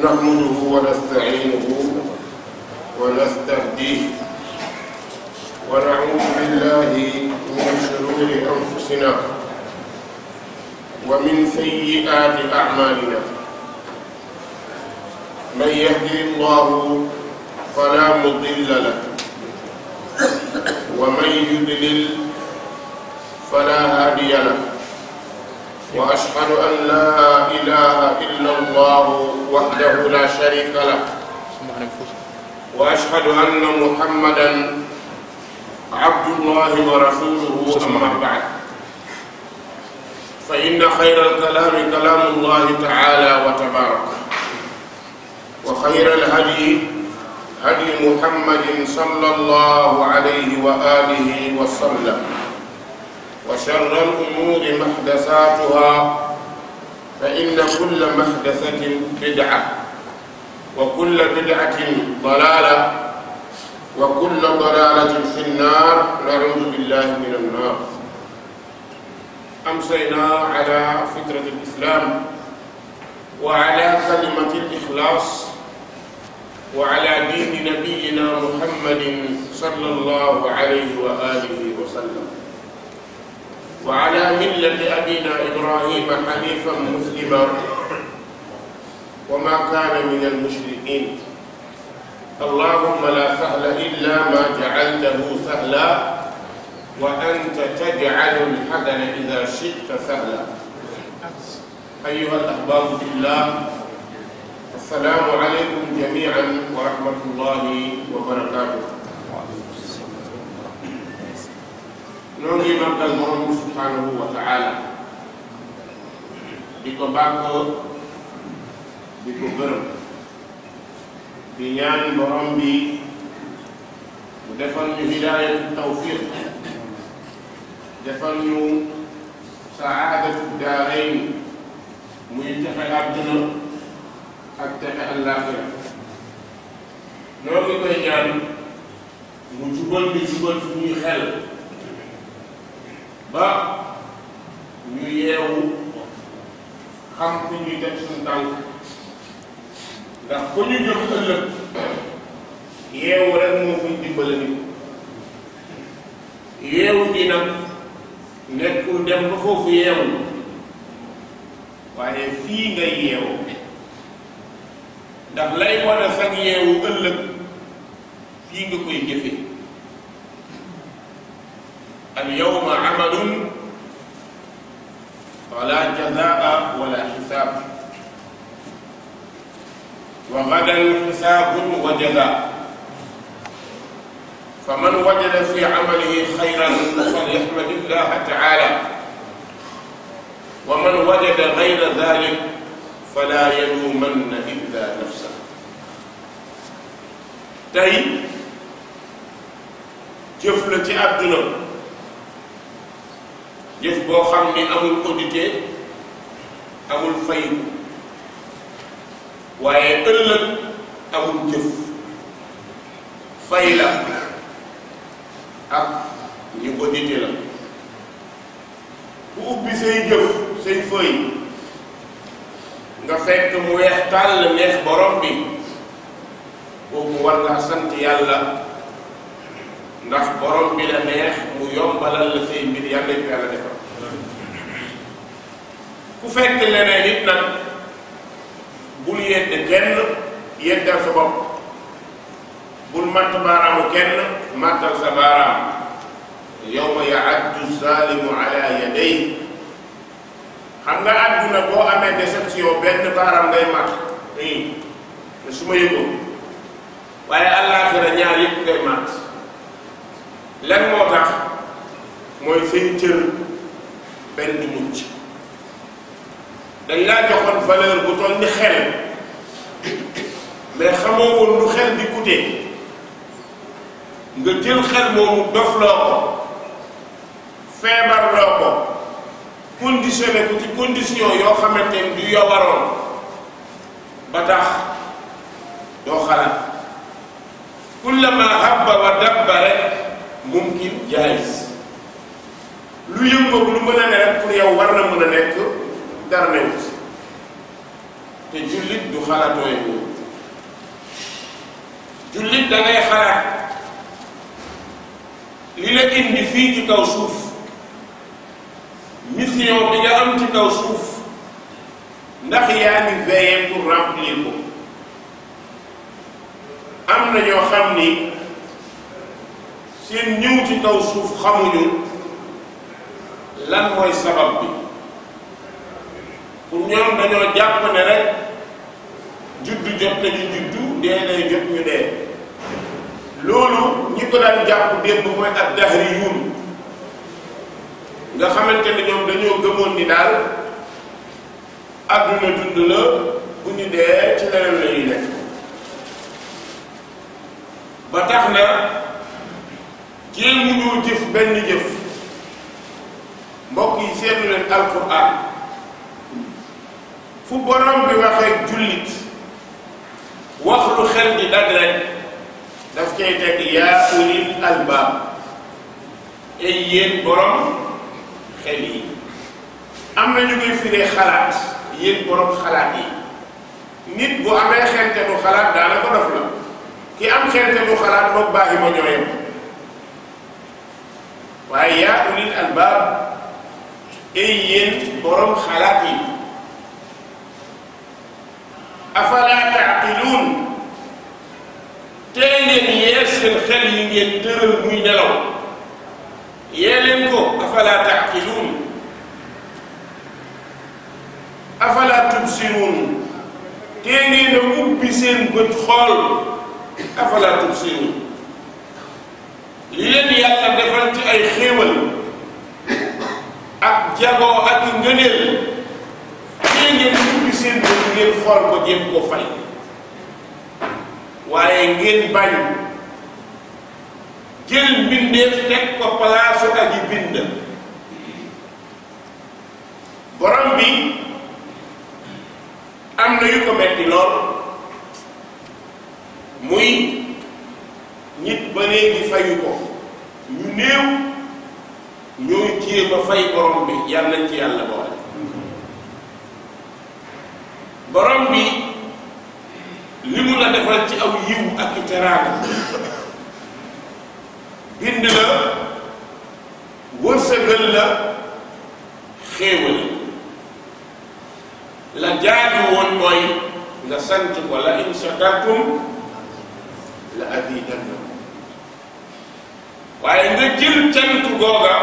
نحمده ونستعينه ونستهديه ونعوذ بالله من شرور أنفسنا ومن سيئات أعمالنا من يهدي الله فلا مضل له ومن يضلل فلا هادي له وأشهد أن لا إله إلا الله وحده لا شريك له وأشهد أن محمدا عبد الله ورسوله أما بعد فإن خير الكلام كلام الله تعالى وتبارك وخير الهدي هدي محمد صلى الله عليه وآله وسلم وشر الأمور محدثاتها فإن كل محدثة بدعة وكل بدعة ضلالة وكل ضلالة في النار نعوذ بالله من النار أمسينا على فكرة الإسلام وعلى كلمة الإخلاص وعلى دين نبينا محمد صلى الله عليه وآله وسلم وعلى ملة أبينا إبراهيم حنيفا مسلما وما كان من المشركين اللهم لا سهل إلا ما جعلته سهلا وأنت تجعل الحزن إذا شئت سهلا أيها الأحباب في الله السلام عليكم جميعا ورحمة الله وبركاته noo ngi màggal borom bi subhanahu wa taala di ko bàkkoo di ko gërëm di ñaan borom bi mu defal ñu tawfiq defal ñu saadatu daarayn muy texe àdduna ak texe àllaaxira noo ngi ñaan mu jubal bi jubal fu ñuy xel ba ñu yeewu xam fi ñuy def suñu tànk ndax ku ñu jëm ëllëg yeewu rek moo fuy dimbale nit yeewu gi nekkul dem ba foofu yeewu waaye fii ngay yeewu ndax lay wane sax yeewu ëllëg fii nga koy jëfe al yawma amalun wala jazaa wala xisaab wa gadan xisaabun wa jazaa فمن وجد في عمله خيرا فليحمد الله تعالى ومن وجد غير ذلك فلا يلومن الا نفسه tey jëf la ci àdduna jëf boo xam ne amul audité amul fayu waaye ëllëg amul jëf fay la ak ñu audité la ku ubbi say jëf say fëy nga fekk mu weex tàll neex borom bi boobu war ngaa sant yàlla ndax borom bi la neex mu yombalal la say mbir yàlla defal ku fekk leneen it nag bul yedd kenn yeddal sa bopp bul matt baaraamu kenn mattal sa baaraam yawma yaaddu zaalimu ala yadayhi xam nga àdduna boo amee déception benn baaraam ngay matt i te su ma yëgoon waaye àllaaxira ñaar yëpp ngay matt lan moo tax mooy seen cër benn mucc dañ laa joxoon valeur bu toll ni xel mais xamoo woon lu xel di coûter nga jël xel moomu dof loo ko feebar loo ko conditionné ko ci condition yoo xamante ni du yowaroon ba tax doo xalaat kullama habba wa dabba rek mumkin jaayis lu yëngoog lu mën a ne pour yow war na mën a nekk dara te jullit du xalaatooy moom jullit da ngay xalaat li la indi fii ci kaw suuf mission bi nga am ci kaw suuf ndax yaa ngi veillé pour remplir am na ñoo xam ni seen ñëw ci kaw suuf xamuñu lan mooy sabab bi pour ñoom dañoo jàpp ne rek juddu jot nañu juddu dee day jot ñu dee loolu ñi ko daan jàpp démb mooy ak dahriyuun nga xamante ne ñoom dañoo gëmoon ni daal àdduna dund la bu ñu dee ci leneen la ñuy nekk ba tax na kii mënul jëf benn jëf mbokk yi seetlu leen fu borom bi waxee jullit wax lu xel di daj rek daf cay teg yaa ulil albaab ay yéen borom xel yi am na ñu ngi firee xalaat yéen borom xalaat yi nit bu amee xel te xalaat daanaka dof la ki am xel te du xalaat baax baaxi ma ñoo yem waaye yaa ulil albaab ay yéen borom xalaat yi. afala taaqiluun tey leen yee seen xel yi ngeen tëral muy nelaw yee leen ko afala taaqiluun afala tubsiruun tey ngeen a ubbi seen bët xool afala tubsiruun li leen yàlla defal ci ay xéewal ak jagoo ak ngëneel léeg-léeg ngeen ubbi seen bët ngeen xool ko jéem ko fay waaye ngeen bañ jël mbindeef teg ko palaasu aji bind borom bi am na yu ko metti lool muy nit ba léegi fayu ko ñu néew ñooy téye ba fay borom bi yàlla nañ ci yàlla boole borom bi li mu la defal ci aw yiw ak i teraanga bind la wërsëgal la xéewal la jaadu woon mooy nga sant ko la in shakartum la azidannakum waaye nga jël cant googa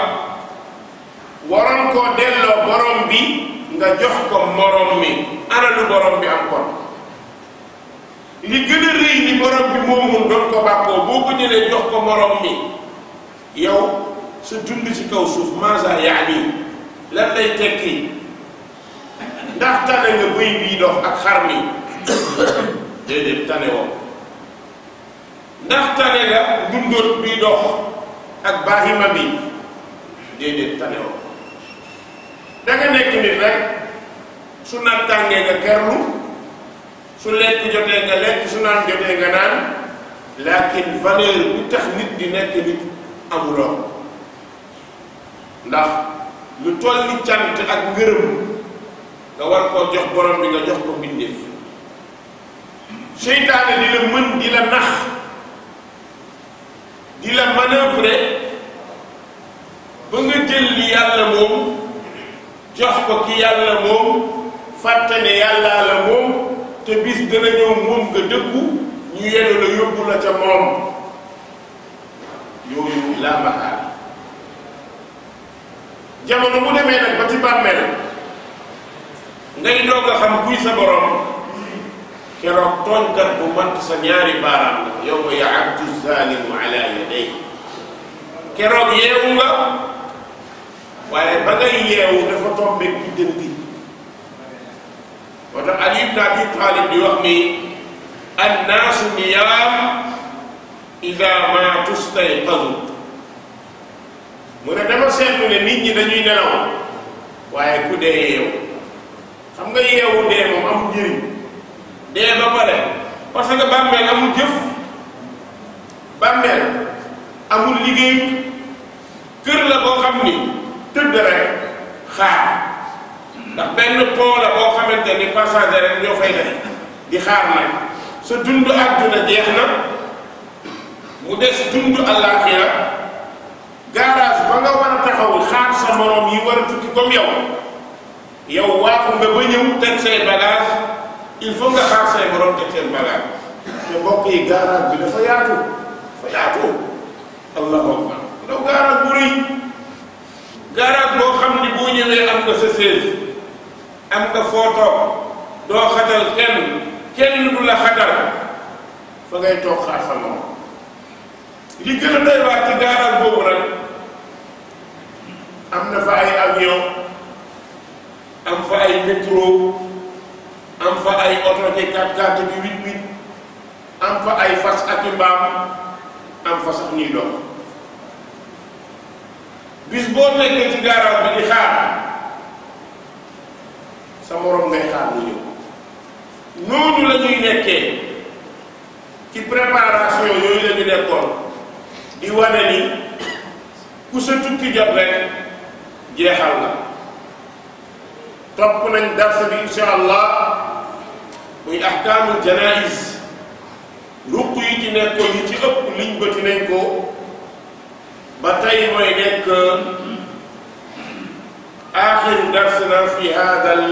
waroon koo delloo borom bi nga jox ko morom mi ana lu bi am kon li gën a rëy li borom bi moomul doon ko bàkkoo boo ko jëlee jox ko morom mi yow sa dund ci kaw suuf maasa yaani lan lay tekki ndax tane nga bëy bii dox ak xar mi déedéet tane woo ndax tane nga dundóot bii dox ak baahima bi déedéet tane woo da nga nekk nit rek su naan tàngee nga kerlu su lekk jotee nga lekk su naan jotee nga naan laakin valeur bu tax nit di nekk nit amuloo ndax lu toll cant ak ngërëm nga war koo jox borom bi nga jox ko mbindéef seytaane di la mën di la nax di la manœuvrer ba nga jël li yàlla moom jox ko ki yàlla moom fàtte ne la moom te bis dana ñëw moom nga dëkku ñu yenu la yóbbu la ca moom yooyu laa maxaal jamono bu demee nag ba ci bàmmeel ngay doog a xam kuy sa borom keroog tooñkat bu matt sa ñaari baaraam la yawma ya'addu zaalimu ala yadayhi keroog yeewu nga waaye ba ngay yeewu dafa tombé biddanti moo tax Ali ibn Abi Talib di wax ni annaasu niyaam ida ma tustayqadu mu ne dama seetlu ne nit ñi dañuy nelaw waaye ku dee yeewu xam nga yeewu dee moom amul njëriñ dee ba pare parce que bàmmeel amul jëf bàmmeel amul liggéey kër la boo xam ni tëdd rek xaar ndax benn pont la boo xamante ni passager ñoo fay def di xaar nag sa dund àdduna jeex na mu des dund àllaaxira garage ba nga war a taxaw xaar sa morom yi war a tukki comme yow yow waaxu nga ba ñëw teg say bagage il faut nga xaar say morom teg seen bagage te mbokk yi garage bi dafa yaatu dafa yaatu allahu akbar ndaw garage bu rëy garage boo xam ni boo ñëwee am nga sa chaise am nga foo toog doo xatal kenn kenn du la xatal fa ngay toog xaar sa moom li gën a doy waar ci boobu nag am na fa ay avion am fa ay métro am fa ay oto ci 4 bi 8 x am fa ay fas ak i mbaam am fa sax ñuy dox bis boo nekkee ci garage bi di xaar sa morom ngay xaar mu ñëw noonu la nekkee ci préparation yooyu la nekkoon di wane ni ku sa tukki jot rek jeexal na topp nañ darsa bi insha allah muy ahkaamul janaïs ruq yi ci nekkoon yi ci ëpp liñ bëti nañ ba tey mooy nekk aaxiru darsina fi haadal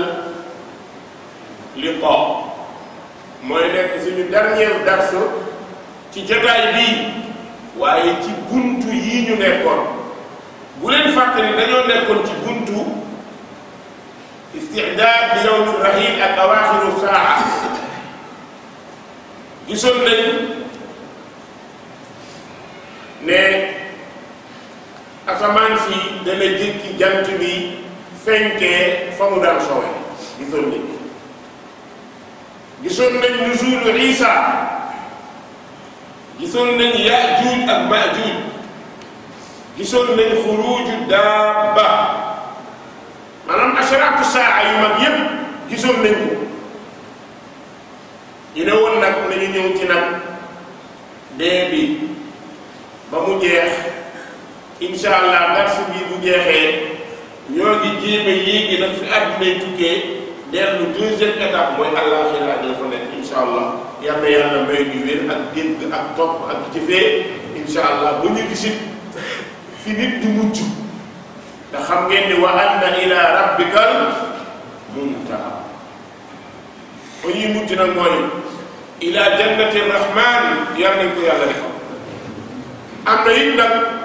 liqa mooy nekk suñu dernier dars ci jotaay bii waaye ci buntu ñu nekkoon bu leen fàttali dañoo nekkoon ci buntu istidaad bi yawmi rahiil ak awaaxiru saa gisoon nañ ne asamaan si dana jékki jant bi fenkee fa mu daan soowee gisoon nañ gisoon nañ nuzulu Isa gisoon nañ Yaajuuj ak Maajuuj gisoon nañ xuruuju daabba maanaam asharaatu saa yu mag yépp gisoon nañ ko woon nag nañu ñëw ci nag dee bi ba mu jeex incha allah darsu bi bu jeexee ñoo ngi jéem a yéegi nag fi àdduna tukkee dellu deuxième étape mooy àllaaxira ak la fa nekk incha allah yàlla yàlla may ñu ak dégg ak topp ak jëfee incha allah bu ñu gisit fi nit di mucc te xam ngeen ni wa anna ila rabbikal muntaha fa ñuy mucc nag mooy ila jannati rahman yàlla nañ ko yàlla defal am na it nag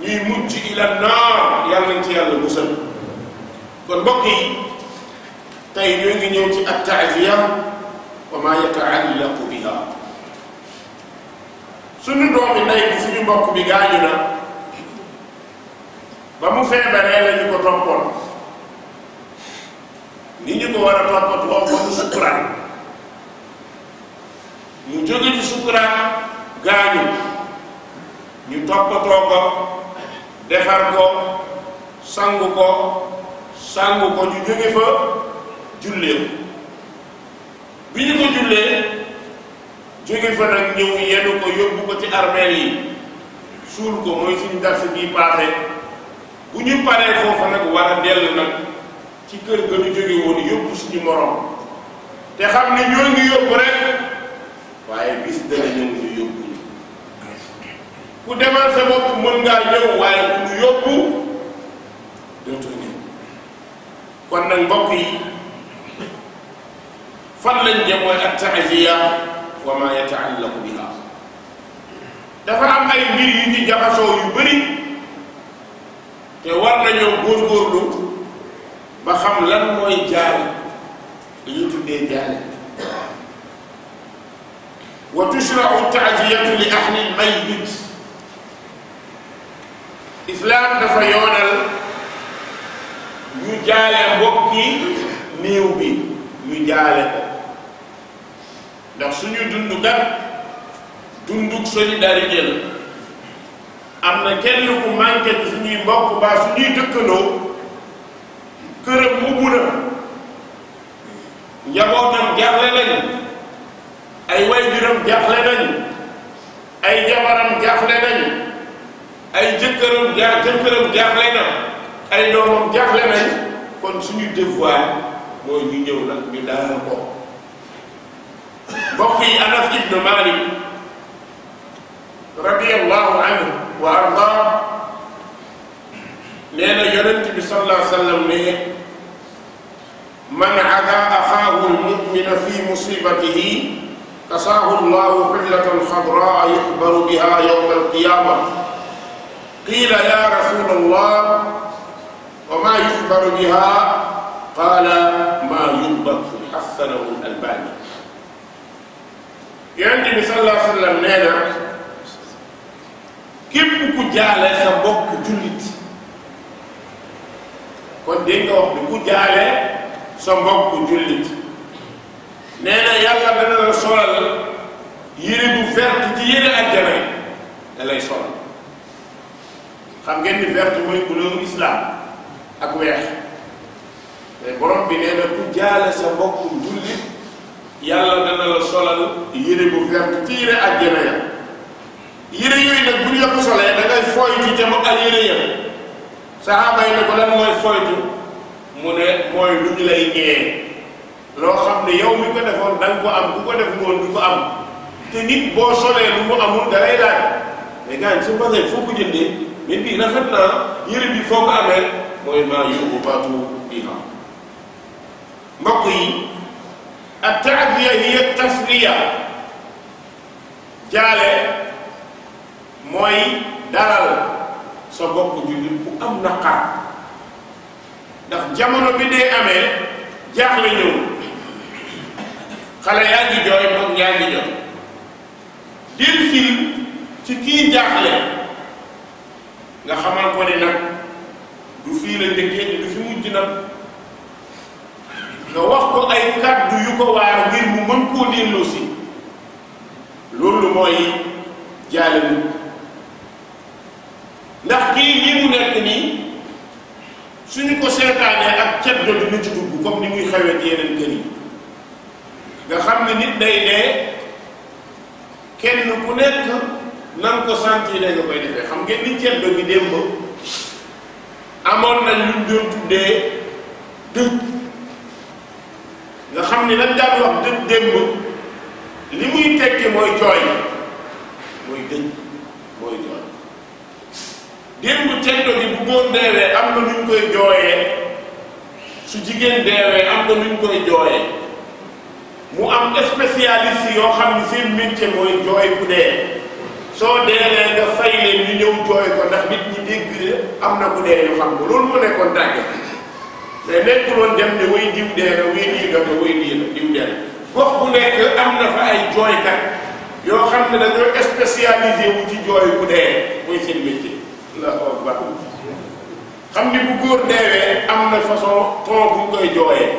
ñuy mucc ila naar yàlla nañ ci yàlla musal kon mbokk yi tey ñoo ngi taaziya wa maa yataallaqu biha suñu doomi ndey bi suñu mbokk bi gaañu na ba mu feebaree la ñu ko toppoon ni ñu ko war a toppatoo ba mu mu jóge ci sukkuraan gaañu ñu toppatoo ko defar ko sangu ko sangu ko ñu jóge fa jullee ko bi ñu ko jullee jóge fa nag ñëw yenu ko yóbbu ko ci armeel yi suul ko mooy suñu dars bii paase bu ñu paree foofu nag war a dellu nag ci kër ga ñu jóge woon yóbbu suñu morom te xam ne ñoo ngi yóbbu rek waaye bis dana ñëw ñu yóbbu ku demal sa bopp mën ngaa ñëw waaye ku ñu yóbbu dootoo ñëw kon nag mbokk yi fan lañ jëm mooy ak biha dafa am ay mbir yu ci jaxasoo yu te war nañoo góorgóorlu ba xam lan mooy jaale li ñu tuddee jaale wa tushrau taaziyatu li ahli lmayit islaam dafa yoonal ñu jaale mbokki néew bi ñu jaale ko ndax suñu dund kat dunduk solidarité la am na kenn ku manqué ci suñuy mbokk baa suñuy dëkkandoo këram mubbu na njabootam jaaxle nañ ay waajuram jaaxle nañ ay jabaram jaaxle nañ ay jëkkëram jaa jëkkëram jaaxle na ay doomam jaaxle nañ kon suñu devoir mooy ñu ñëw nag ñu daal ko mbokk yi Anas ibnu Malik radiyallahu anhu wa ardaa nee na yonent bi sallallahu alayhi wa sallam ne man adaa axaahu almumina fi musibatihi kasaahu allahu xillatan xadraa yuxbaru biha yowma alqiyama قيل يا رسول الله وما يخبر بها قال ما ينبط حسنه الألباني yonent bi sallallahu alayhi wa sallam nee na képp ku jaale sa mbokk jullit kon dégg nga wax bi ku jaale sa mbokk jullit nee na yàlla dana la solal yére bu vert ci yére àjjana da lay solal xam ngeen ni vert mooy couleur islam ak weex te borom bi nee na ku jaale sa mbokku jullit yàlla dana la solal yére bu vert ci yére àjjana ya yére yooyu nag buñ la ko ya saxaaba foytu mu ne mooy lu ñu lay xam ne yow mi ko defoon da nga ko am ku ko def woon ko am te nit boo solee lu mu amul da laaj mais su ma foo jëndee. mais bii rafet naa yëre bi foo ko amee mooy maa yóbbu baatu bii xam mbokk yi ak taabiya hiya tasriya jaale mooy dalal sa bokk jullit bu am naqar ndax jamono bi dee amee jaaxle ñëw xale yaa ngi jooy mag yaa ngi jooy dil ci kii jaaxle nga xamal ko ni nag du fii la njëkkee du fi mujj nag nga wax ko ay kàddu yu ko waar ngir mu mën koo delloo si loolu mooy jaale nit ndax kii lii mu nekk nii suñu ko seetaanee ak ceddo dina ci dugg comme ni muy xewee yeneen kër yi nga xam ne nit day dee kenn ku nekk nan ko sant yi dañu koy defee xam ngeen ni ceddo bi démb amoon nañ luñ doon tuddee dëj nga xam ni lañ daan wax dëj démb li muy tekki mooy jooy mooy dëj mooy jooy démb ceddo bi bu góor deewee am na luñ koy jooyee su jigéen deewee am na luñ koy jooyee mu am spécialiste yoo xam ni seen métier mooy jooy ku dee soo deelee nga fay leen ñu ñëw jooy ko ndax nit ñi dégg am na ku dee ñu xam ko loolu mu nekkoon tàgge mais nekkul woon dem ne way diw dee na way dii dote way diw dee na gox bu nekk am na fa ay jooykat yoo xam ne dañoo spécialisé wu ci jooy ku dee muy seen métier la ko ba xam ni bu góor deewee am na façon ton bu koy jooyee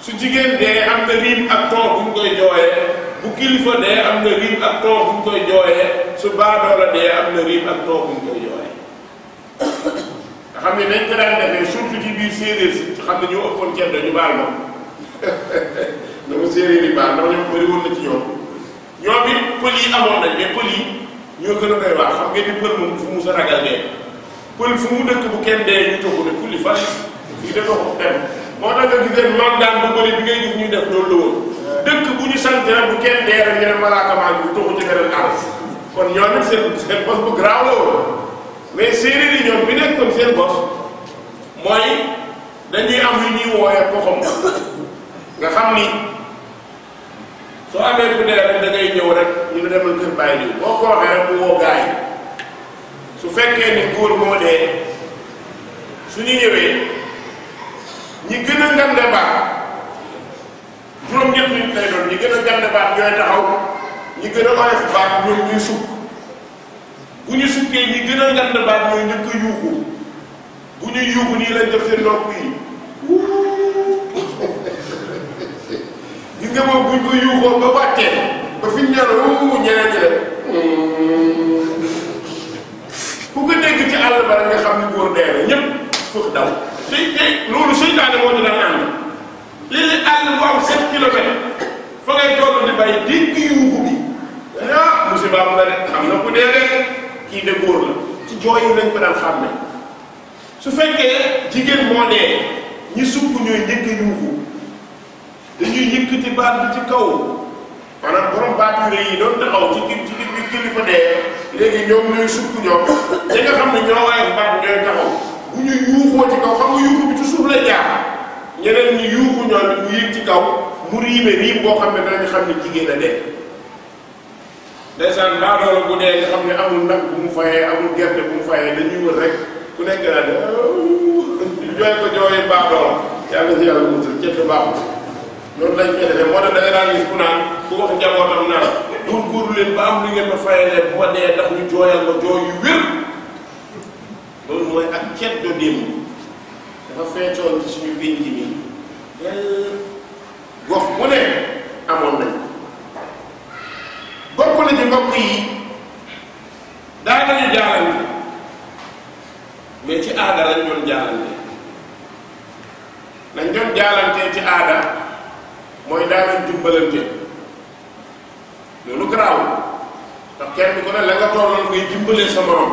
su jigéen dee am na riim ak ton bu koy jooyee bu kilifa dee am na riim ak ton buñ koy jooyee su baadoola dee am na riim ak ton buñ koy jooyee xam ne nañ ko daan defee surtout ci séeréer si xam ne ñu ëppoon ceddo ñu baal moom dama séeréer yi baal dama ñoom na ci ñoom ñoom it pël yi amoon nañ mais pël yi ñoo gën a doy waar xam ngeen ni pël moom fu mu sa ragal dee pël fu mu dëkk bu kenn dee ñu toog ne kulli fan fii da dox dem moo tax nga gis leen maam daan bu bëri bi ngay gis ñuy def loolu woon dëkk bu ñu sant rek bu kenn dee rek ngeen malaaka maa ngi tuxu ci beneen àll kon ñoom it seen bos bu garaaw la woon mais séeréer yi ñoom bi nekkoon seen bos mooy dañuy am yu ñuy wooyee boxam nga xam ni soo amee ku dee rek da ñëw rek ñu ne demal kër bàyyi diw boo ko rek mu woo su fekkee ni góor moo dee su ñu ñëwee ñi gën a ngande baax juróom-ñett nit lay doon ñi gën a gànn baat ñooy taxaw ñi gën a oyof baat ñoom ñuy sukk bu ñu sukkee ñi gën a gànn baat ñooy njëkk yuuxu bu ñuy yuuxu nii lañ def seen nopp yi ñi nga moom buñ ko yuuxoo ba wàccee ba fi ñu ne la ñeneen ñi la ku ko dégg ci àll ba nga xam ni góor dee la ñëpp fëx daw. loolu seytaane moo ñu daan ànd. li li àll bu am 7 kilomètre fa ngay toll di bay dégg yuuxu bi ah musiba am la xam na ku dee rek kii de góor ci jooy yi lañ ko su fekkee jigéen moo dee ñi sukk ñooy njëkk yuuxu dañuy yëkkati baat bi ci kaw maanaam borom baat yu rëy yi doon taxaw ci kii ci kii kilifa dee léegi ñoom ñooy sukk ñoom ñi nga xam ne ñoo waaye baat ñooy taxaw bu ñu yuuxoo ci kaw xam yuuxu bi ci suuf la jaar. ñeneen ñi yuuxu ñoom it ci kaw mu riime riim boo xam ne danañ xam ne jigéen a dee ndeysaan daa doole bu dee nga xam ne amul nag bu mu fayee amul gerte bu mu fayee dañuy wër rek ku nekk naa de jooy ko jooyee baadoola yàlla si yàlla musal cëtt baaxul noonu lañ koy da nga daan gis ku naan ku góor góorlu leen ba am lu ngeen ma fayalee bu ma dee ndax ñu jooyal ma jooy yu wér loolu mooy ak ceet do démb dafa feetoon ci suñu bind mi gox mu ne amoon nañ bokk nañu mbokk yi daanañu jaalante mais ci aada lañ doon jaalante lañ doon jaalante ci aada mooy daanañ dimbalante loolu garaaw ndax kenn ku ne la nga tolloon ngay dimbalee sa morom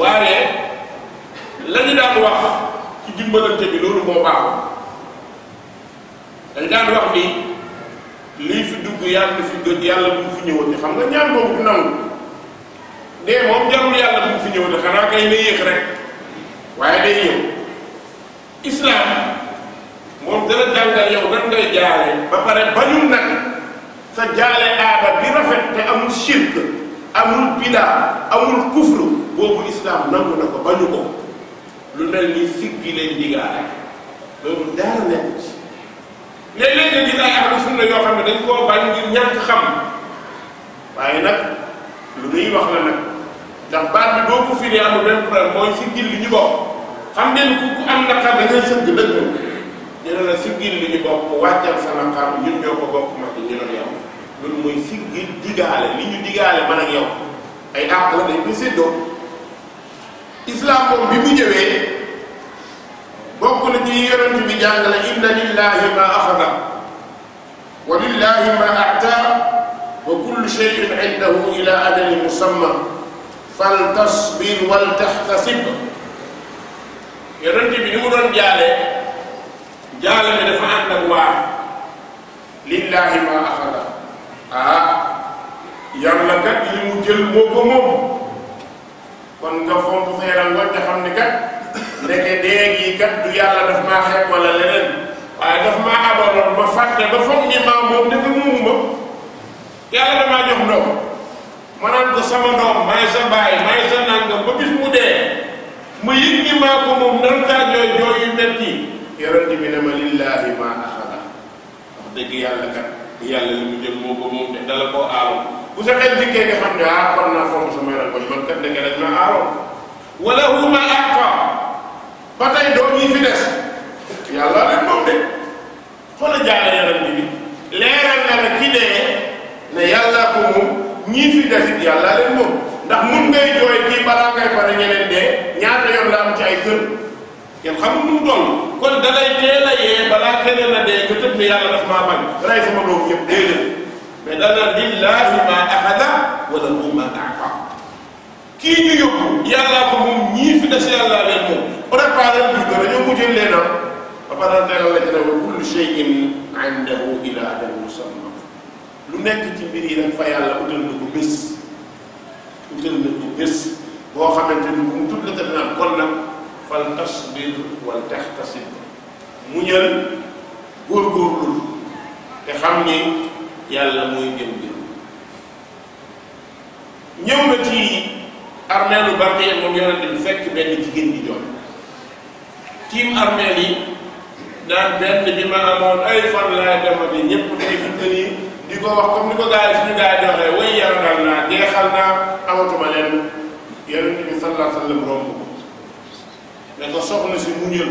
waaye la ñu daan wax ci dimbalante bi loolu moo baaxul dañ daan wax ni lii fi dugg yàlla fi gën yàlla bu fi ñëwati xam nga ñaan boobu du nangu dee moom jarul yàlla bu fi ñëwati xanaa kay na yéex rek waaye day ñëw islam moom dana jàngal yow nan ngay jaale ba pare bañul nag sa jaale aada bi rafet te amul shirk amul bidaa amul kufru boobu islam nangu na ko bañu ko lu mel ni siggi leen digaale loolu dara nekk ci léeg-léeg nga xam ne dañ koo bañ ngir ñàkk xam waaye nag lu nuy wax la nag ndax baat bi ko firi amul benn problème mooy siggil li ñu bokk xam ngeen ku ku am naqar da ngay sëgg dëgg ñu ne la siggil li ñu bokk wàccal sa naqar ñun ñoo ko bokk mag ñu ne yow loolu mooy siggil digaale li ñu digaale man ak yow ay àq la dañ ko séddoo islam moom bi mu ñëwee bokk na ci yonent bi jàngale inna lillahi ma axada wa lillahi ma ata wa kullu shay'in indahu ila ajalin musamma fal tasbir wal taxtasib yonent bi ni mu doon jaale jaale bi dafa ànd ak waa lillahi ma axada ah yàlla kat li mu jël moo ko moom kon nga fomp xeeral nga te xam ne kat ndeke dee kat du yàlla daf maa xeeb wala leneen waaye daf maa abaloon ma fàtte ba foog ni maa moom dëgg muumu ma yàlla damaa jox ndox ma ko sama doom may sa bàyyi may sa nangam ba bis mu dee mu yëg ni maa ko moom nan kaa jooy jooy yu metti yonent bi ne ma lillaahi maa axada wax dëgg yàlla kat yàlla li mu jël moo ko moom de dala koo aaru bu sa xel dikkee nga xam ne ah kon naa foofu sama yaram koñ man kat ndeke dañ ma aaroon wala huma aqa ba tey doom yi des yàlla leen moom de xoola jaale yaram bi bi leeral na ki dee ne yàlla ko moom des it yàlla moom ndax mun ngay jooy kii balaa ngay pare ñeneen dee ñaata yoon la am ci ay kër kenn xamul nu mu toll kon dalay teel a yee balaa keneen a dee nga tëb ne yàlla daf maa bañ rey sama doom yëpp déedéet mais dal na lillahi ma axada wa lahu ma aata kii ñu yóbbu yàllaa ko moom ñii fi des yàllaa leen moom préparé bi danañoo mujjee leena ba pare teeral la jëne wa kullu shay'in indahu ila ajalin musamma lu nekk ci mbir yi rek fa yàlla utal na ko bés utal na ko bés boo xamante ni bu mu tudd la def naan kon nag fal tasbir wal taxtasib muñal góorgóorlu te xam ni yàlla mooy jël mbirum ñëw na ci armeelu Baqiya moom yonente bi fekk benn jigéen di jooy tiim armeel yi naan benn bi ma amoon ay fan laay demati ñëpp day fi mu nii di ko wax comme ni ko gars yi suñu gars yi di waxee way yaradal naa jeexal naa amatuma leen yonente bi sallallahu alayhi wa romb ko ne ko soxna si muñal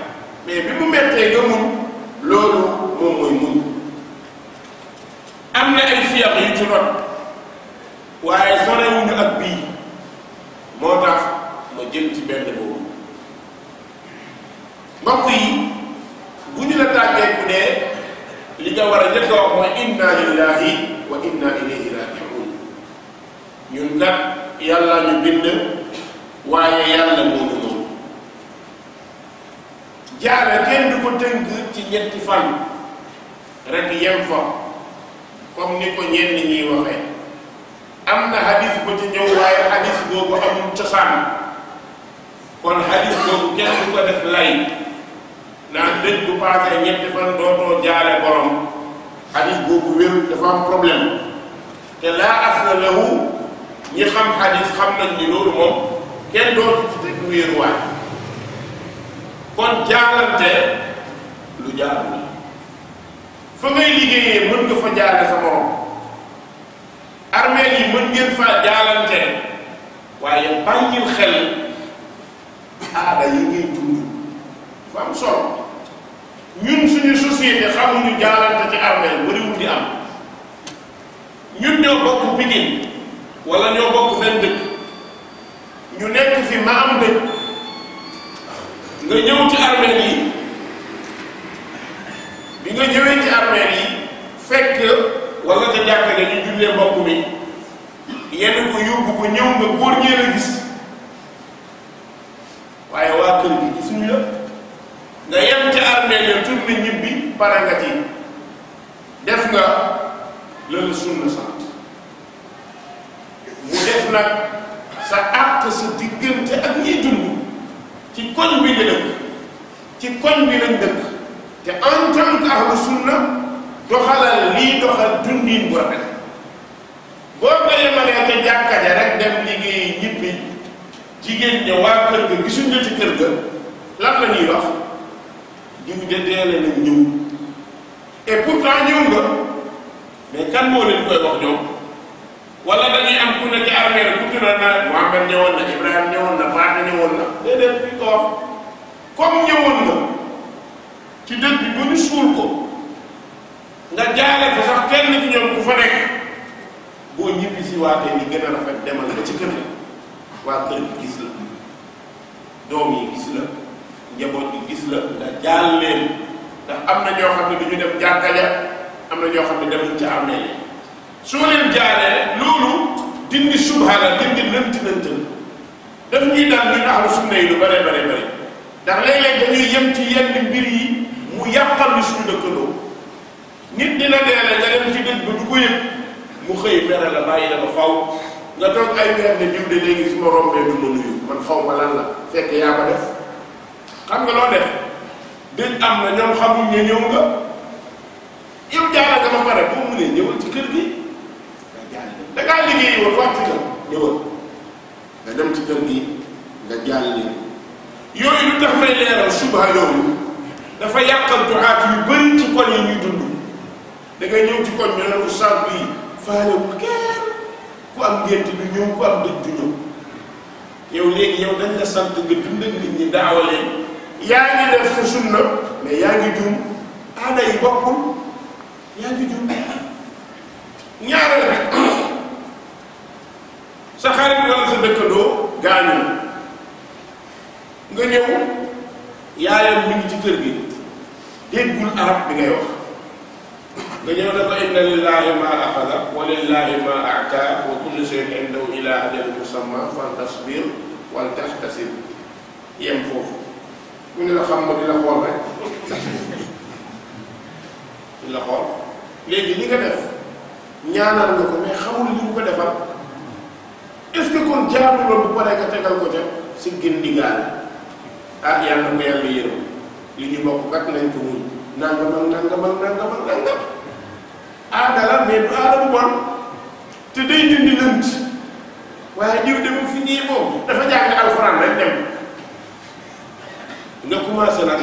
mais bi mu méttee nga muñ loolu moom mooy muñ am na ay fiyax yu ci rot waaye sorewuñu ak bii moo tax ma jël ci benn boobu mbokk yi bu ñu la tàggee ku ne li nga war a njëkk a wax mooy inna lillahi wa inna ilayhi rajiun ñun kat yàlla ñu bind waaye yàlla moomu moom jaara kenn du ko tënk ci ñetti fan rek yem fa comme ni ko ñenn ñuy waxee am na hadis bu ci ñëw waaye hadis boobu amul cosaan kon hadis boobu kenn du ko def lay naan dëj bu paase ñetti fan dootoo jaale borom hadis boobu wéru dafa am problème te laa asla lahu ñi xam hadis xam nañ ni loolu moom kenn dootu ci teg wéeruwaay kon jaalante lu jaarul fa ngay liggéeyee mën nga fa jaale sa borom armeel yi mën ngeen fa jaalante waaye bàyyil xel aada yi ngay fa am solo ñun suñu société xamuñu jaalante ci armeel bariwul di am ñun ñoo bokk Pikine wala ñoo bokk seen dëkk ñu nekk fi ma dëkk nga ñëw ci armeel yi bi nga ñëwee ci armeel yi fekk wala nga jàkk ne ñu jullee mbokk mi yenn ko yóbbu ko ñëw nga góor ñee gis waaye waa kër gi gisuñu la nga yem ci armeel ya na ñibbi pare def nga lëlu sunna sant mu def nag sa àq sa diggante ak ñiy dund ci koñ bi nga dëkk ci koñ bi lañ dëkk te en tant que ahlu sunna doxalal lii doxal dundin bu rafet boo ko yemalee a jàkka ja rek dem liggéey ñibbi jigéen ña kër ga gisuñ ci kër ga lan la ñuy wax diw de dee la nag ñëw et pourtant ñëw nga mais kan moo leen koy wax ñoom wala dañuy am ku ne ci armée la ku tudd na Mouhamed ñëwoon na Ibrahima ñëwoon na Fane ñëwoon na déedéet bi ko comme ñëwoon na ci dëkk bi ba ñu suul ko nga jaale ko sax kenn ci ñoom ku fa nekk boo ñibbi si waatee ni gën a rafet demal ba ci kër waa kër gis la doom yi gis la njaboot yi gis la nga jaal leen ndax am na ñoo xam ne du ñu dem jàkka am na ñoo xam ne demuñ ca armée soo leen jaaree loolu dindi subha la dindi lënt lënt la daf ñuy daal ñun ahlu yi lu bare bare bare ndax léeg ci yenn mbir yi mu yàqal ni suñu dëkkandoo nit dina deele nga dem ci dëj ba la bàyyi la ba faw nga toog ay weer ne diw de léegi su ma rombee du ma nuyu man xaw ma lan la fekk yaa ko def xam nga loo def dëj am na ñoom xamuñ ne ñëw nga yow jaara nga ba pare ne ñëwal ci kër gi da ngaa liggéeyi dem ci kër gi nga jàll leen yooyu lu tax may leeral subha yooyu dafa yàqal duaat yu bëri ci koñ yi ñuy dund da ñëw ci koñ bi naan oustaz bi faalewul kenn ku am gént du ñëw ku am dëj du ñëw yow léegi yow dañ la sant nga dund ak nit ñi daawa leen yaa ngi def sa sunna mais yaa ngi juum aada yi bokkul yaa ngi juum sa xarit wala sa dëkkandoo gaañu na nga ñëw yaayam mi ngi ci kër gi déggul arab bi ngay wax nga ñëw dafa inna lillahi ma axada wa lillahi ma ata wa kullu shay'in indahu ila ajalin musamma fal tasbir wal tahtasib yem foofu mu ne la xam ma di la xool rek la xool léegi li nga def ñaanal nga ko mais xamul li mu ko defal est-ce que kon jaarul loolu bu paree nga tegal ko ca si gën di gaale ah ko yàlla yërëm li ñu bokk kat nañ ko muñ nangam ak nangam ak nangam ak nangam aada la mais du aada bon te day dindi lënt waaye diw de bu fi ñii dafa jàng alxuraan rek dem nga commencé nag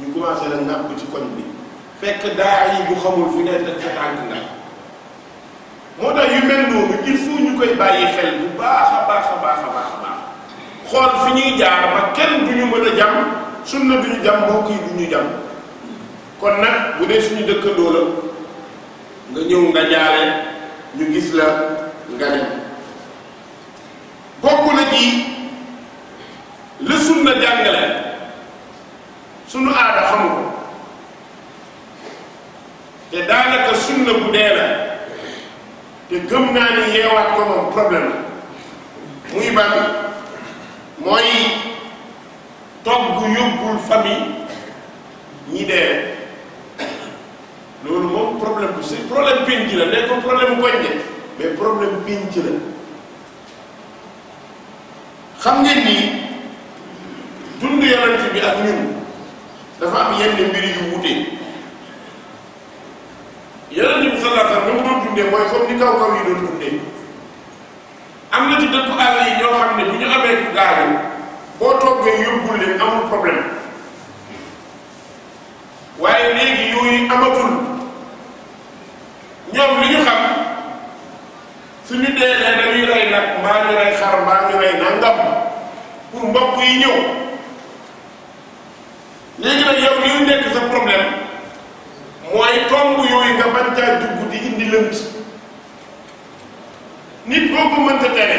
ñu commencé nag nàpp ci koñ bi fekk daa yi bu xamul fi ne teg nga moo tax yu mel noonu il faut ñu koy bàyyi xel bu baax a baax a baax a baax a baax xool fi ñuy jaar ba kenn du ñu mën a jàmm sunna du ñu jàmm mbokk yi du ñu jàmm kon nag bu suñu dëkkandoo la nga ñëw nga jaale ñu gis la nga dem bokk na ci jàngale sunu aada xamu ko te daanaka sunna bu dee la te gëm naa ni yeewaat ko moom problème la muy ban mooy togg yóbbul famille ñi dee loolu moom problème bu si problème pénc la nekk ko problème koñ de mais problème pénc la xam ngeen ni dund yonent bi ak ñun dafa am yenn mbir yu wute yonent dundee mooy comme ni kaw kaw yi doon dundee am na ci dëkku àll yi xam ne bu ñu amee ku gaañu boo toggee yóbbul leen amul problème waaye léegi yooyu amatul ñoom li ñu xam suñu dee ne dañuy rey nag mbaa ñu rey xar mbaa ñu rey nangam pour mbokk yi ñëw léegi nag yow li nekk sa problème mooy tomb yooyu nga bañ jub di indi lënt nit boo ko mënta tere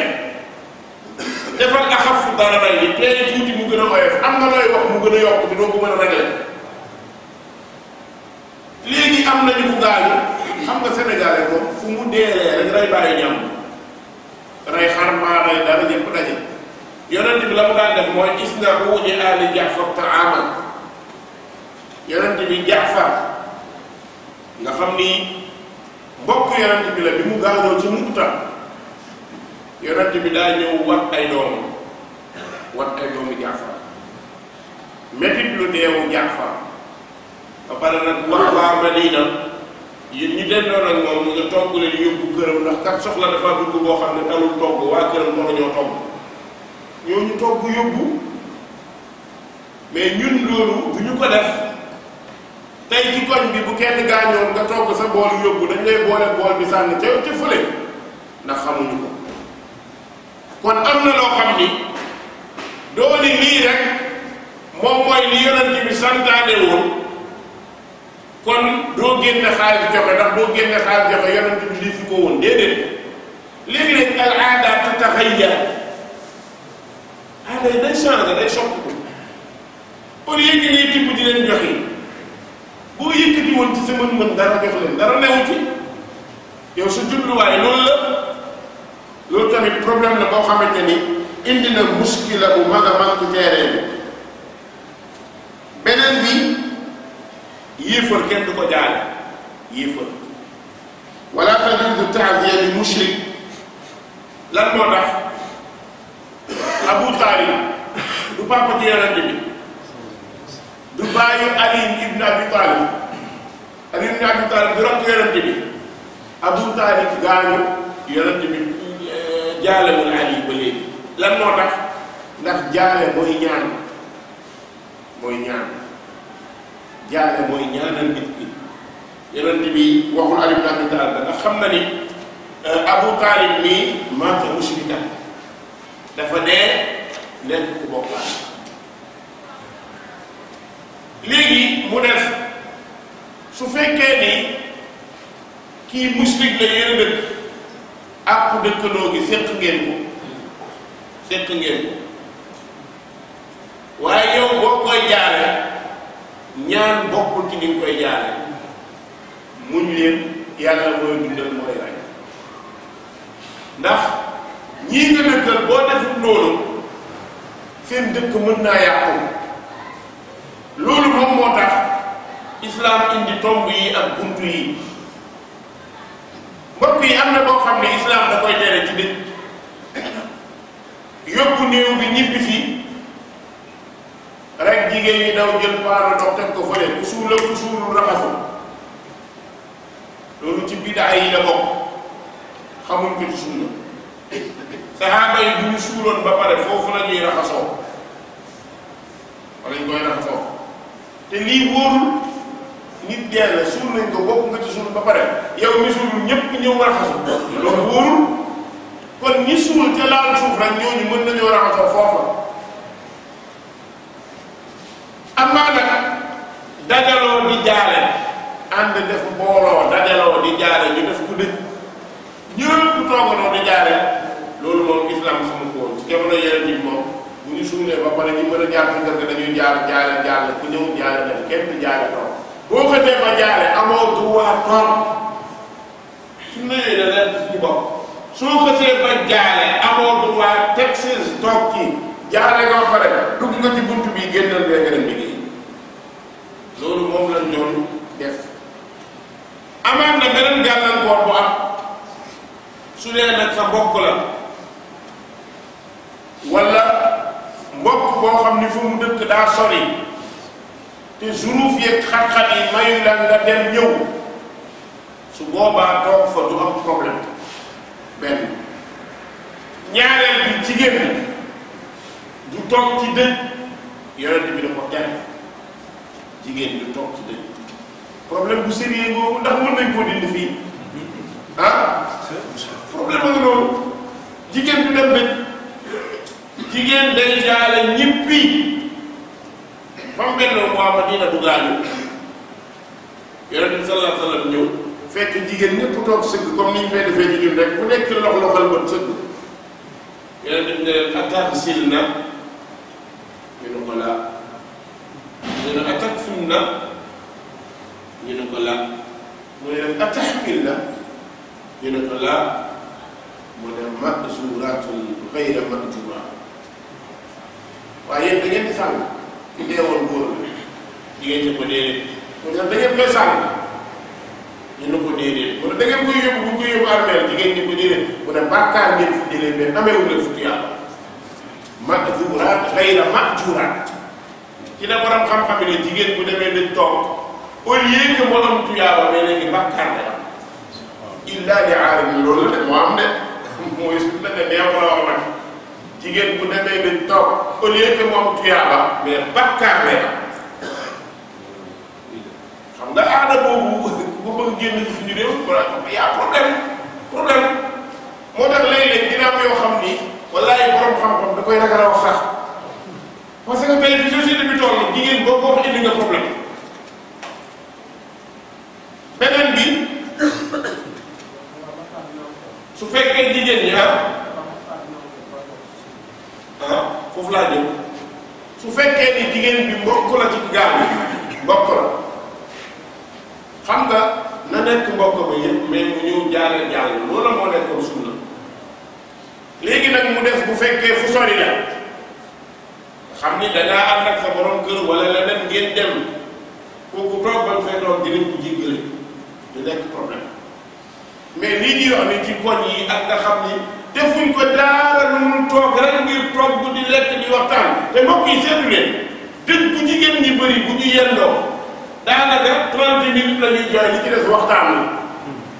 defal nga xaf fu dara rey yi teeye tuuti mu gën a oyof am nga looy wax mu gën a yokk te doo ko mën a régler léegi am nañu bu gaañu xam nga sénégalais ko fu mu deelee rek rey bàyyi ñam rey xar mbaa rey dara ñëpp daje yonent bi la mu daan def mooy gis naa ko wuñu aali jaafar te amal yonent bi jaafar nga xam ni mbokk yonent bi la bi mu gaañoo ci Mu'ta yonent bi daa ñëw wat ay doom wat ay doomu Jaafar métit lu deewu Jaafar ba pare nag wax waa Madina yéen ñu dendoon ak moom nga togg leen yóbbu këram ndax kat soxla dafa dugg boo xam ne talul togg waa këram mënuñoo togg ñooñu togg yóbbu mais ñun loolu bu ko def tey ci koñ bi bu kenn gaañoon nga togg sa bool yóbbu dañ lay boole bool bi sànni ca ca fële ndax xamuñu ko kon am na loo xam ni dooni lii rek moom mooy li yonent bi santaane woon kon doo génne xaalis joxe ndax doo génne xaalis joxe yonent bi lii fi ko woon déedéet léeg-léeg al aada tataxayya aada yi day changé day soppiku au lieu que ngay tibb di leen joxe boo yëkkati woon ci sa mën-mën dara jox leen dara newu ci yow sa jubluwaay loolu la loolu tamit problème la boo xamante ni indi na muskila bu mag a mag ci terrain bi beneen kenn du ko jaale yéefar wala tajuuzu taaziya bi mushrik lan moo tax Abu Taalib du papa ci yonent bi du bàyyi Ali ibn Abi Talib Ali ibn Abi Talib di rokk yonent bi Abu Talib gaañu yonent bi eh, jaalewul Ali ba léegi lan moo tax ndax jaale mooy ñaan mooy ñaan jaale mooy ñaanal nit ki yonent bi waxul Ali ibn Abi Talib da nga xam na ni eh, Abu Talib mii maata mushrika dafa dee nekk ku bokkaat léegi mu def su fekkee ni kii musrik la yéen a dëkk àqu dëkkaloo gi séq ngeen ko séq ngeen ko waaye yow boo koy jaare ñaan bokkul ci ni nga koy jaare muñ leen yàlla mooy dundal mooy rey ndax ñii nga dëkkal boo defut loolu seen dëkk mën naa yàqu loolu moom moo tax islam indi tomb yi ak buntu yi mbokk yi am na boo xam ne islam da koy tere ci dëj yóbbu néew bi ñibbi fi rek jigéen ñi daw jël paano dox teg ko fële ku suul ku suulul raxasu loolu ci bidaa yi la bokk xamuñ ko ci sunna saxaaba yi bu suuloon ba pare foofu la ñuy raxasoo wala ñu koy raxasoo te lii wóorul nit dee na nañ ko bokk nga ci suul ba pare yow mi suul ñëpp ñëw raxasu loolu wóorul kon ñi suul te laal suuf rek ñooñu mën nañoo raxasoo foofa am naa nag dajaloo di jaale ànd def mbooloo dajaloo di ñu def ku dëj ñëpp toogaloo di jaale loolu moom islam sama ko woon jamono yeneen ñi moom ñu suulee ba pare ñu mën a jaar ci dañuy jaar jaale jaale ku ñëw jaale dem kenn du jaale toog boo xëtee ba jaale amoo droit toog su ñëwee da leen def ñu bopp soo xëtee ba jaale amoo droit teg seen toog ci jaale nga ba ci bi génnal bee nga dem liggéey loolu moom lañ doon def amaat na beneen gàllankoor bu am su dee nag sa mbokk la wala bokk koo xam ni fu mu dëkk daa sori te zunuuf yeeg xat-xat yi mayu la nga dem ñëw su boobaa toog fa du am problème benn ñaareel bi jigéen ñi du toog ci dëj yonent ndax mën nañ koo dindi fii ah problème la loolu jigéen du dem dëj jigéen day jaale ñibbi fam benn waa Madina dugaañu yonent bi sallallahu alayhi wa sallam ñëw fekk jigéen ñëpp toog sëgg comme ni ñu fee defee ci ñun rek ku nekk lox loxal bët sëgg yonent bi ne leen atarsilna ñu ne ko la ñu ne atakfurna ñu ne ko la mu ne leen atahmilna ñu ne ko la mu ne ma'zuratun ghayra ma'zur waaye yéen da ngeen di sànq ku deewoon góor la jigéen ñi ko déedéet mu ne da ngeen koy sànq ñu ne ko déedéet mu ne da ngeen koy yóbbu bu koy yóbbu armeel jigéen ñi ko déedéet mu ne bàkkaar ngeen fi jëlee mais ameewul la fukki yàlla majuraat xayra majuraat ci la borom xam-xam ne jigéen bu demee dañ toog au lieu que mu am tuyaaba mais léegi bàkkaar la am illa li aarim loolu la de moo am de mooy su la de neexu la wax nag jigéen bu demee dañ toog au lieu que moom tuyaaba mais bakkaar lay xam nga aada boobu bu bëgg génn ci suñu réew yaa problème problème moo tax léeg-léeg dina am yoo xam ni wallaay borom da koy ragal a wax sax parce que tey bi société bi toll jigéen boo ko wax indi nga problème beneen bi su fekkee jigéen ñi ah, ah foofu laa jëm su fekkee ni jigéen bi mbokk la ci gaal bi mbokk la xam nga na nekk mbokk ba yëpp mais mu ñëw jaare jàll loola moo nekkoon sunna léegi nag mu def bu fekkee fu sori la xam ni dangaa ànd ak sa borom kër wala leneen ngeen dem kooku toog ba fay doon jëriñ bu jéggale du nekk problème mais lii ñuy wax ni ci yi ak nga xam ni defuñ ko daara lu mu toog rek ngir togg di lekk di waxtaan te mbokk yi seetu leen dëj bu jigéen ñi bëri bu ñu yendoo daanaka 30 minutes la ñuy jaay li ci des waxtaan la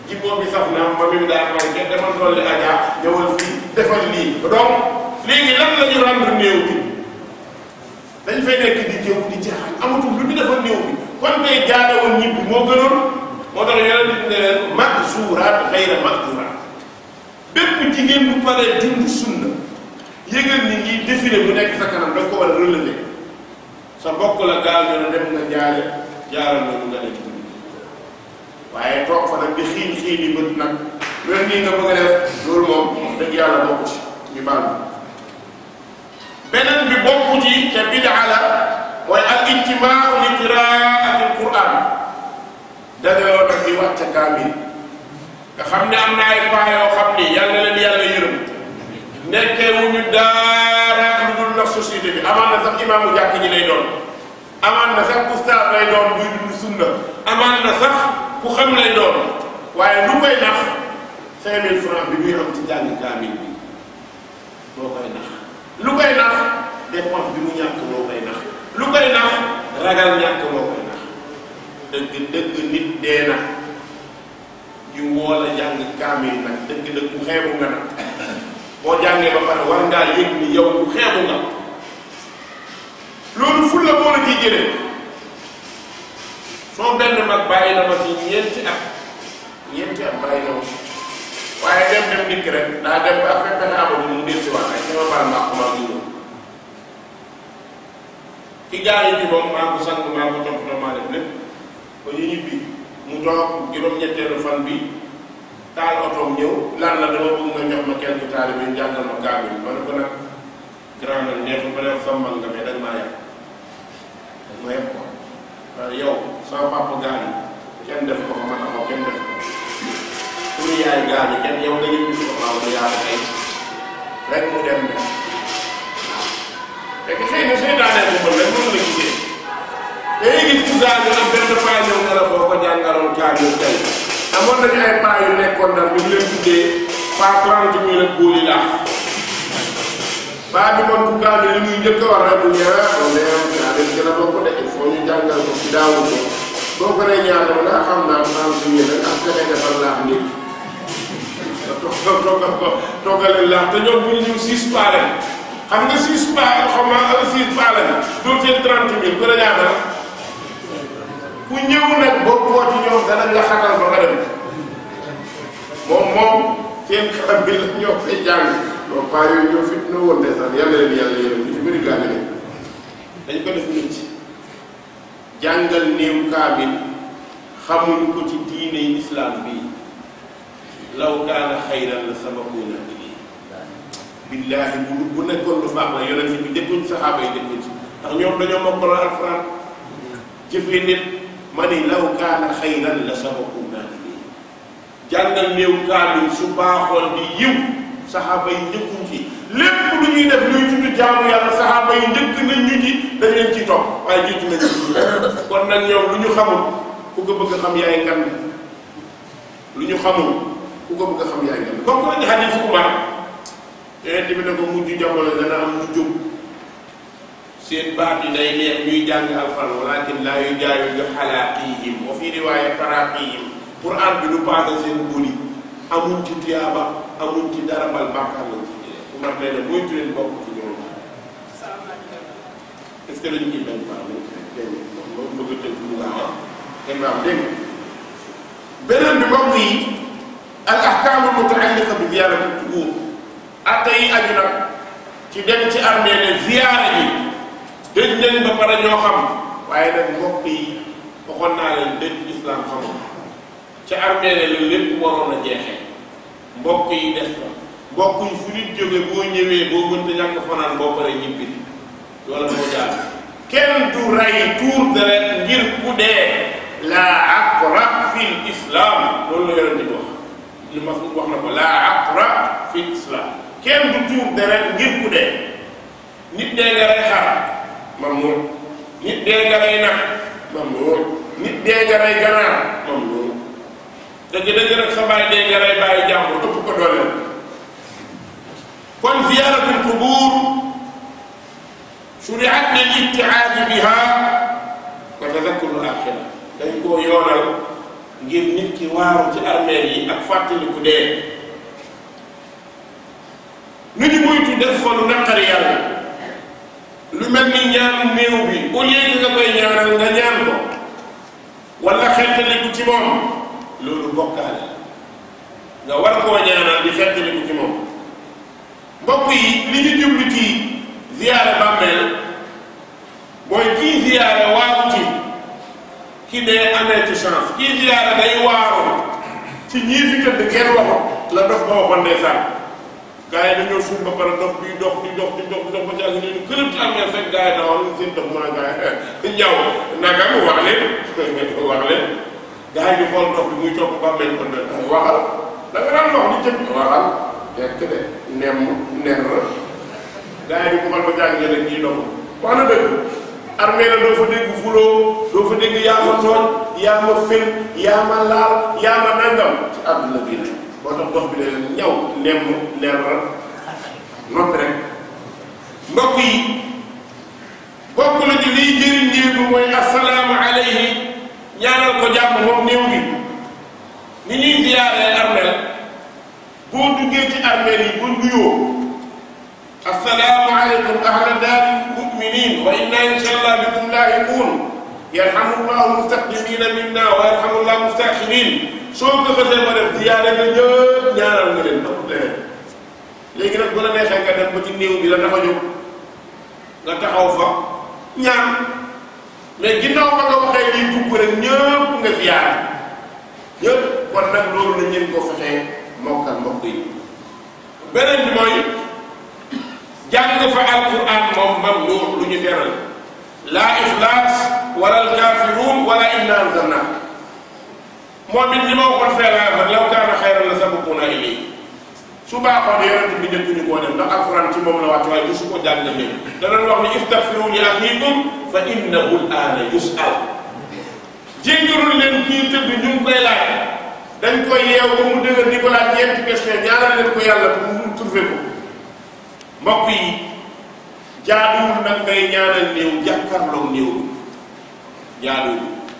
jibboo bi saf na ma mi daa koy te dama dolli aja ñëwal fii defal lii donc léegi lan la ñu rendre néew bi dañ fay nekk di jëw di a amatul lu ñu defal néew bi kon tey jaada woon ñibbi moo gënoon moo tax yàlla nit ne mag suuraat xëy mag suuraat bépp jigéen bu paree dund sunna yëgal ni ngi défilé bu nekk sa kanam da ko war a relever sa mbokk la gaal nga ne dem nga jaare jaaral nga nga dem dund waaye toog fa nag di xiin xiin bët nag même nii nga bëgg a loolu moom dëgg yàlla bokku ci ñu baal ma beneen bi bokku ci te bidaa la mooy al ijtimaa li qiraati al quran dajaloo nag di wàcce kaamil nga xam ne am naa ay paa yoo xam ni yal na leen yàlla yërëm nekkee wu ñu daara lu dul na société bi amaan na sax imaamu jàkk ñi lay doon amaan na sax ustaas lay doon buy dund sunna amaan na sax ku xam lay doon waaye lu koy nax cinq mille francs bi mu ñàkk moo koy nax lu koy nax ragal ñàkk moo koy nax dëgg dëgg nit dee na ñu la jàng kaamil nag dëgg dëgg ku xeebu nga nag boo jàngee ba pare war ngaa yëg ni yow ku xeebu nga loolu ful la moo la soo benn mag bàyyi na ma ci ñeenti at ñeenti at bàyyi na waaye dem dem dikk rek daa dem ba fekk naa ko mu dee si waat ay sama baal maa ko maa lépp ba ñu ñibbi mu toog juróom-ñetteelu fan bi taal otoom ñëw lan la dama bëgg nga jox ma quelque taalibe yu jàngal ma kaamil ma ne ko nag ba ne sàmmal nga mais dag maa yàq dag ma yàq ko yow sama papa gaañu kenn def ko man amoo kenn def ko suñu yaay gaañu kenn yow nga yëngu ko waaw nga yaa tey rek mu dem ne waaw fekk jàngaloon kaamil tey amoon nañu ay paa yu nekkoon ndax ñu ngi leen tuddee paa 30 ñu rek góoli laax paa bi moom bu kaamil li muy njëkk a wax rek bu ñëwee ah on est daa leen gën a bokk de il faut ñu jàngal ko ci daawu ko boo ko nee ñaata ba daa xam naa 30 ñu rek ak fexe defal laax nit toogal ko toogaleen laax te ñoom bu ñu ñëw 6 paa lañ xam nga 6 paa xaw ma 6 paa lañ doo jël 30 mille gën a ñaata ku ñëw nag boo ko ñoom danañ la xatal ba nga dem moom moom seen xam bi la ñoo fay jàng loolu yooyu yàlla leen ñu ci bëri gaane dañ ko def nit ci jàngal néew kaamil xamuñ ko ci diine islam bii law kaana xayran la sabaquuna billaahi bu bu nekkoon lu baax la yonent bi dégguñ saxaaba yi dégguñ ci ndax ñoom dañoo mokkal alxuraan jëfee nit ma ni law kaana xayran la sabaquunaa ilayhi jàngal néew kaamil su baaxoon di yiw saxaaba yi njëkkuñ ci lépp lu ñuy def luy tudd jaamu yàlla saxaaba yi njëkk nañ ñu ci dañ ci topp waaye jiitu nañ kon nag ñoom lu ñu xamul ku ko bëgg xam yaay ngan lu ñu xamul ku ko bëgg xam yaay ngan comme ko indi xadiis Umar yonent bi ne ko mujj jamono dana am ñu seen baat yi day neex ñuy jàng alxuraan walakin laa yu jaayu yu xalaaqihim wa fi riwaaya taraaqihim quran bi du paase seen bëri amuñ ci tiyaaba amuñ ci dara bal bàkkaar lañ ci jëlee bu mat leen mooy tu leen bokk ci ñoom est-ce que dañu ciy benn baax lañ ci rek dégg nga moom bëgg a tënk mu nga wax dégg nga dégg beneen bi mbokk yi al ahkaamul mutaalliqa bi ziyaarati qubuur atte yi aju nag ci dem ci armée ne ziyaara yi dëj nañ ba pare ñoo xam waaye nag mbokk yi waxoon naa leen dëj islam xamul ca armée la lépp waroon a jeexee mbokk yi def ko mbokk yi nit jóge boo ñëwee boo mënta ñàkk fanaan boo pare ñibbi loola moo daal kenn du rey tuur deret ngir ku dee laa aqra fil islam loolu la yonent bi wax li ma wax na ko laa aqra fil islam kenn du tuur deret ngir ku dee nit dee nga rey mamnuun nit dee nga rey nag mamnuun nit dee nga rey ganaar mamnuun dëgg dëgg nag sa bàyyi dee nga rey bàyyi jàmbur ëpp ko doole kon ziyaaratul qubuur shuriat lil ittihaadi biha wa tadakkurul axira dañ koo yoonal ngir nit ki waaru ci armeel yi ak fàttaliku nu ñu moytu def fa lu naqari yàlla lu mel ni ñaan néew bi au lieu que nga koy ñaanal nga ñaan ko wala xettaliku ci moom loolu bokkaale nga war koo ñaanal di xettaliku ci moom mbokk yi li ñu jublu ci ziyaara bàmmeel mooy kii ziyaara waaru ci ki dee amee ci chance kii ziyaara day waaru ci ñii fi tëdd kenn waxo la dof ba waxoon gaa yi dañoo suuf ba pare ndox bi dox di dox di dox di dox ba ci ak ñu këlëb ci am na fekk gaa yi dawal seen dox mën a gaa yi ñaaw naka mu wax leen wax leen gaa yi di xool ndox bi muy topp ba mel ko ne waxal da nga daan wax di jëkk waxal fekk de nem nen la gaa yi di xool ba jàng leen ñuy dox wax na dëgg armée la doo fa dégg fuloo doo fa dégg yaa ma tooñ yaa ma fen yaa ma laal yaa ma nangam ci àdduna bi la moo tax dox bi leen ñaw nemm leeral noppi rek mbokk yi bokk nañu liy jëriñ néew bi mooy asalaamu alayhi ñaanal ko jàmm moom néew bi ni ñuy ziyaaree armeel boo duggee ci armeel yi boo nuyoo asalaamu aleykum ahla daari muminin wa inna insha allah bikum laahiquun yarhamu llahu mustaqdimina minna wa yarhamu llahu mustaxirin soo ko xasee ba def ziyaare nga ñëpp ñaanal nga leen amul leneen léegi nag bu la neexee nga dem ba ci néew bi la dafa ñëw nga taxaw fa ñaan mais ginnaaw ba nga waxee lii dugg rek ñëpp nga ziyaare ñëpp kon nag loolu lañ leen ko fexee mokkal mbokk yi beneen bi mooy jàng fa alquran moom mam lu lu ñu teral la ixlaas wala alkafirun wala inna anzalna moom it li ma waxoon feelaar la law kaana xayran la sabaquuna ilayhi su baaxoon yonent bi njëkk ñu koo dem ndax a ci moom la wàcc waaye du su ko jàng leen da doon wax ni istaghfiru li axiikum fa innahu al-aana yus'al jéggalul leen kii tëdd ñu ngi koy laaj dañ koy yeew ba mu dëgër di ko laaj ñeenti question ñaanal leen ko yàlla bu mu trouvé ko mbokk yi jaaduwul nag ngay ñaanal néew jàkkaarloog néew bi jaaduwul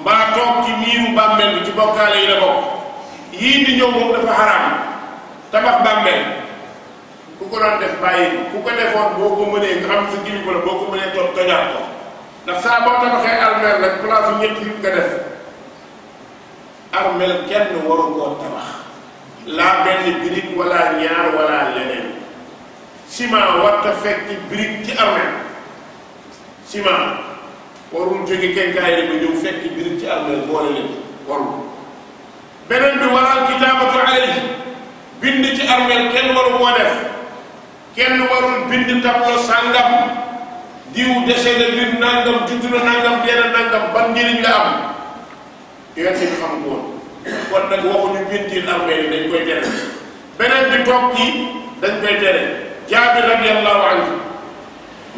mbaa toog ci miiru bàmmeel bi ci bokkaale yi la bokk yii di ñëw moom dafa xaraam tabax bàmmeel ku ko doon def bàyyi ku ko defoon boo ko mënee nga xam sa kilifa la boo ko mënee tojaat ko ndax saa boo tabaxee armeel rek place ñett nit nga def armeel kenn waru koo tabax laa benn brique wala ñaar wala leneen ciment warta fekk brique ci armeel ciment warul jóge kenkaayere ba ñëw fekk birim ci armeel boole leen warul beneen bi a kitaabatu alayhi bind ci armeel kenn waru koo def kenn warul bind tableau sàngam diw dese na mbir nangam judd na nangam dee na nangam ban njëriñ la am yonent bi xam ko woon kon nag waxuñu bindiil armeel yi dañ koy tere beneen bi toog yi dañ koy tere jaabir radiyallahu anhu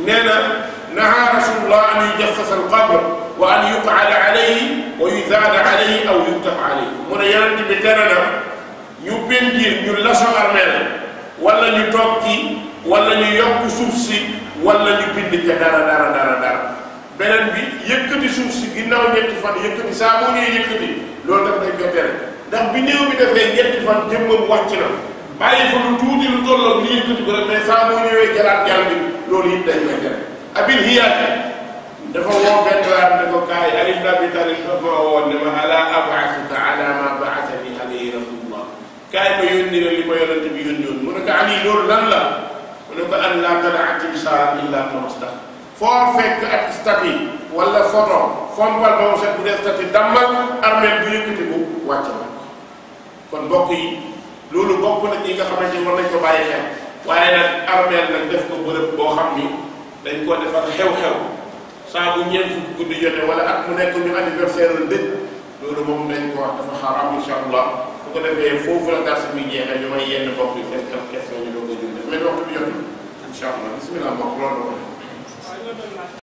nee na nahaa rasulullah an yujassasa alqabr wa an yuqaada alayhi wa yuzaada alayhi aw yuktaf alayhi mu ne yonent bi tere na ñu pentir ñu laso armeel wala ñu toog ci wala ñu yokk suuf si wala ñu bind ca dara dara dara beneen bi yëkkati suuf si ginnaaw ñetti fan yëkkati saa boo nee loolu daf dañ ko tere ndax bi néew bi defee ñetti fan jëmmam wàcc na bàyyi fa lu tuuti lu tolloog li yëkkati ko rek mais saa boo ñëwee jalaat jàll bi loolu it dañ koy abil hiyat dafa woo benn waayam ne ko kaay Ali ibn Abi Talib woon ne ma ala ab'athuka ala ma ba'athani alayhi rasulullah kaay ma yónni la li ma yonent bi mu ne ko Ali loolu lan la mu ko an laa tad'a timsaahan illaa tamastah foo fekk ak statue wala photo fompal ba mu set bu dammal armeel bu yëkkati ko wàcce ko kon mbokk yi loolu bokk na ñi nga xamante ni war nañ ko bàyyi nag armeel nag def ko bërëb boo xam dañ koo defar xew-xew saa bu ñeent fukki guddi jotee wala at mu nekk ñu anniversaire la dëj loolu moom dañ ko wax dafa xaram incha allah su ko defee foofu la garsi bi jeexee ñu may yenn mbokk yi seen kam question ñu doog a jëm def mais waxtu bi jot na incha allah bisimilah